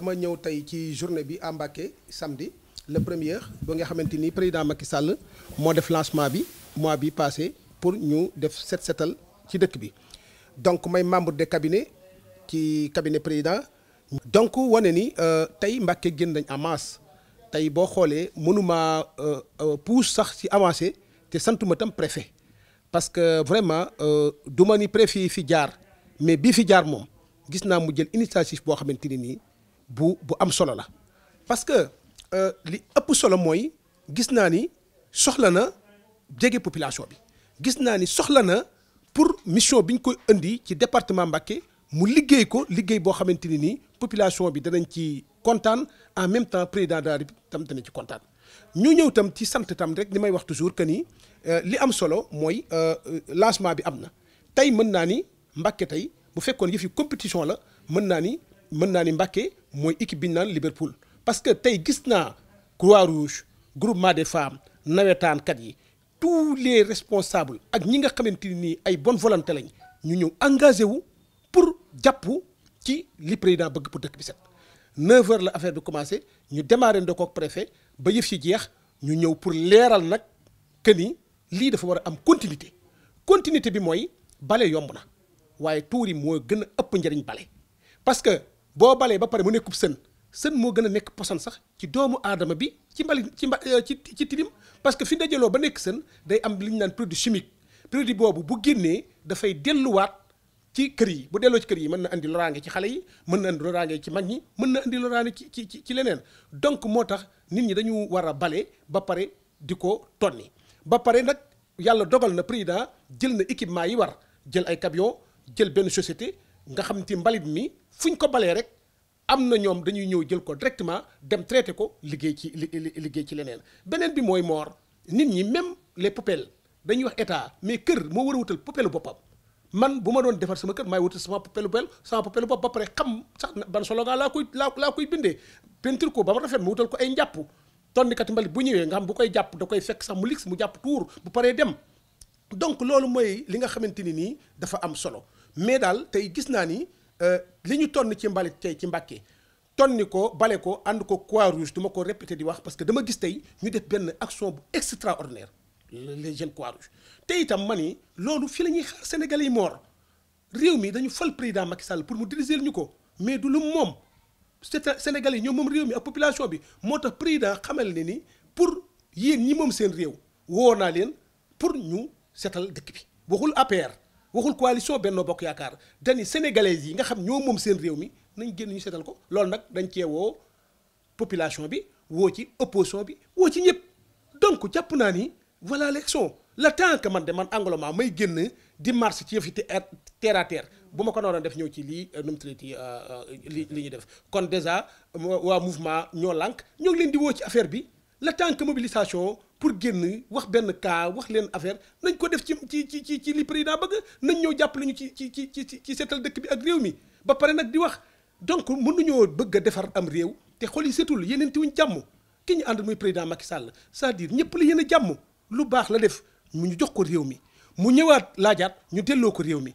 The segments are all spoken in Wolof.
dama ñëw tay ci journée bi ambaké samedi le premier bo nga xamanteni président Macky Sall mo def lancement bi mois bi passé pour ñu def set setal ci dëkk bi donc may membre de cabinet ci cabinet président. donc woné ni euh, tay Mbacké gën nañ en masse tey boo xoolee euh, euh, pousse sax ci avancer té santuma tam préfet parce que vraiment euh, duma ni préfet fi jaar mais bi fi jaar mom gis naa mu jël initiative bo xamanteni ni bu bu am solo la parce que euh, li ëpp solo mooy gis naa ni soxla na jege population bi gis naa ni soxla na pour mission bi ñu koy indi ci département Mbacké mu liggéey ko liggéey boo xamante ni population bi danañ ci kontaan en même temps président de la République tam danañ ci kontaan ñu ñëw tam ci sant tam rek ni may wax toujours que ni euh, li am solo mooy euh, euh, lancement bi am na tey mën naa ni Mbacké tey bu fekkoon yëf yi compétition la mën naa ni mën naa ni Mbacké équipe bi Liverpool parce que tey gis naa Croix-Rouge groupement des femmes nawetaankat yi tous les responsables ak ñi nga ni ay bonne volonté lañ ñu ñëw engagé wu pour jàpp ci le président bëgg pour dëkk bi set 9h la affaire bi commencé ñu démarré ndokook préfet ba yëf si jeex ñu pour leeral nag que ni lii dafa war a am continuité continuité bi mooy bale yomb na waaye tuur yi moo gën a ëpp parce que bo balé, ba paré mu nekkub sen sen mo gëna a nekk posan sax ci doomu adama bi ci mbali euh, ci ci tilim parce que fi dajelo ba nekk sen day am liñ nane produit chimique produit bobu bu fay dafay wat ci kër yi bu delloo ci kër yi mën na andi lorangé ci xalé yi mën na andi lorangé ci magni mën na andi lorangé ci ci ci donc motax nit ñi dañu wara balé ba paré diko tonni ba paré nak yalla dogal na président jël na équipement yi war jël ay camion jël ben société nga xam mbalit mi fuñ ko balé rek am na ñoom dañuy ñëw jël ko directement dem traité ko liggéey ci liggéey ci leneen beneen bi mooy moor nit ñi même les poupelles dañuy wax état mais kër moo war a wutal poupelle boppam man bu ma doon defar sama kër may wutal sama poupelle poubelle sama poupelle bopp ba pare xam sax ban slogan laa koy laa koy bindee peinture ko ba rafet ma wutal ko ay njàpp kat mbali bu ñëwee nga xam bu koy jàpp da koy fekk sax lix mu jàpp tour bu paree dem donc loolu mooy li nga xamante ni dafa am solo mais daal tey gis naa ni Euh, li ñu tonn ci mbalit tey ci Mbàkke tonni ko ko ko rouge ko di parce que dama gis tey ñu def action extraordinaire les jeunes rouge te itam ma ni xaar sénégalais yi moor mi dañu fal président Macky pour mu diriger ñu mais du lu sénégalais ñoom moom mi population bi moo président xamal ni pour yéen ñi moom seen réew woo naa pour ñu setal dëkk bi waxul waxul coalition Benno Bokk Yaakaar dañu sénégalais yi nga xam ñoo moom seen réew mi nañ génn ñu seetal ko population bi woo ci opposition bi donc voilà l'élection le temps que man de may génn di marche ci des terre à terre bu ma ko def ñëw ci lii euh, num euh, euh, ont déjà mouvement ñoo lànk ñoo leen di woo ci affaire bi mobilisation. pour génn wax benn kaa wax leen affaire nañ ko def ci ci ci ci li président bëgg nañ ñëw jàpp ñu ci ci ci ci ci seetal dëkk bi ak réew mi ba pare nag di wax donc mënuñoo bëgg a defar am réew te xol yi setul yeneen tiwuñ jàmm ki ñu ànd muy président Macky Sall c'est-à-dire ñëpp la yéen a jàmm lu baax la def mu ñu jox ko réew mi mu ñëwaat laajaat ñu delloo ko réew mi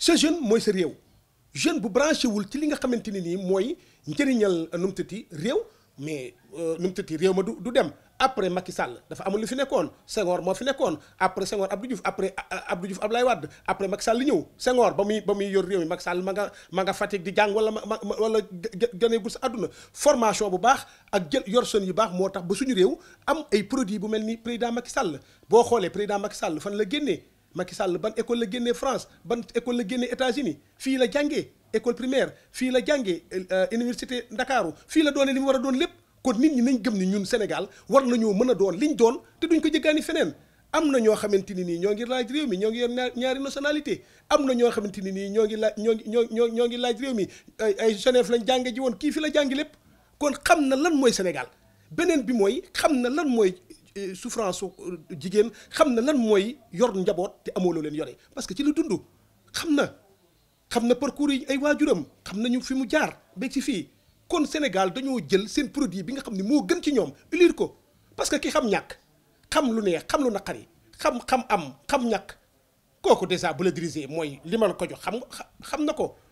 ce jeune moy sa rew jeune bu branché wul ci li nga xamanteni ni moy mooy njëriñal euh, nu mu tëti mais euh, num tati rew ma du dem après Macky Sall dafa amul li fi nekkoon Senghor mo fi nekkoon après Senghor Abdou Diouf après euh, Abdou Diouf Abdoulaye Wade après Macky Sall ñëw Senghor ba muy ba muy yor rew mi Macky Sall ma nga ma nga Fatick di jang wala wala gënee gu aduna formation bu baax ak jël yor son yu baax motax tax ba suñu rew am ay produit bu melni président Macky Sall bo xolé président Macky Sall fan la génnee. Macky Sall ban école la génnee France ban école la génnee États-Unis fii la jàngee école primaire fii la jàngee euh, université Ndakaaru fii la doone li mu war a doon lépp kon nit ñi nañ gëm ni ñun Sénégal war nañoo mën a doon liñ doon te duñ ko jëggaani feneen am na ñoo xamante ni nii ñoo ngi laaj réew mi ñoo ngi yor ñaari nationalité am na ñoo xamante ni ñoo ngi laaj ñoo ngi ñoo ñoo ngi laaj réew mi ay ay Genève lañ jànge ji woon kii fi la jàngi lépp kon xam na lan mooy Sénégal beneen bi mooy xam na lan mooy souffrance su jigéen xam na lan mooy yor njaboot te amoo loo leen yore parce que ci lu dundu xam na xam na parcours yi ay waajuram xam nañu fi mu jaar ba ci fii kon Sénégal dañoo jël seen produit bi nga xam ne moo gën ci ñoom ulir ko parce que ki xam ñàkk xam lu neex xam lu naqari xam xam am xam ñàkk kooku déjà bu la diriger mooy li ma ko jox xam xam na ko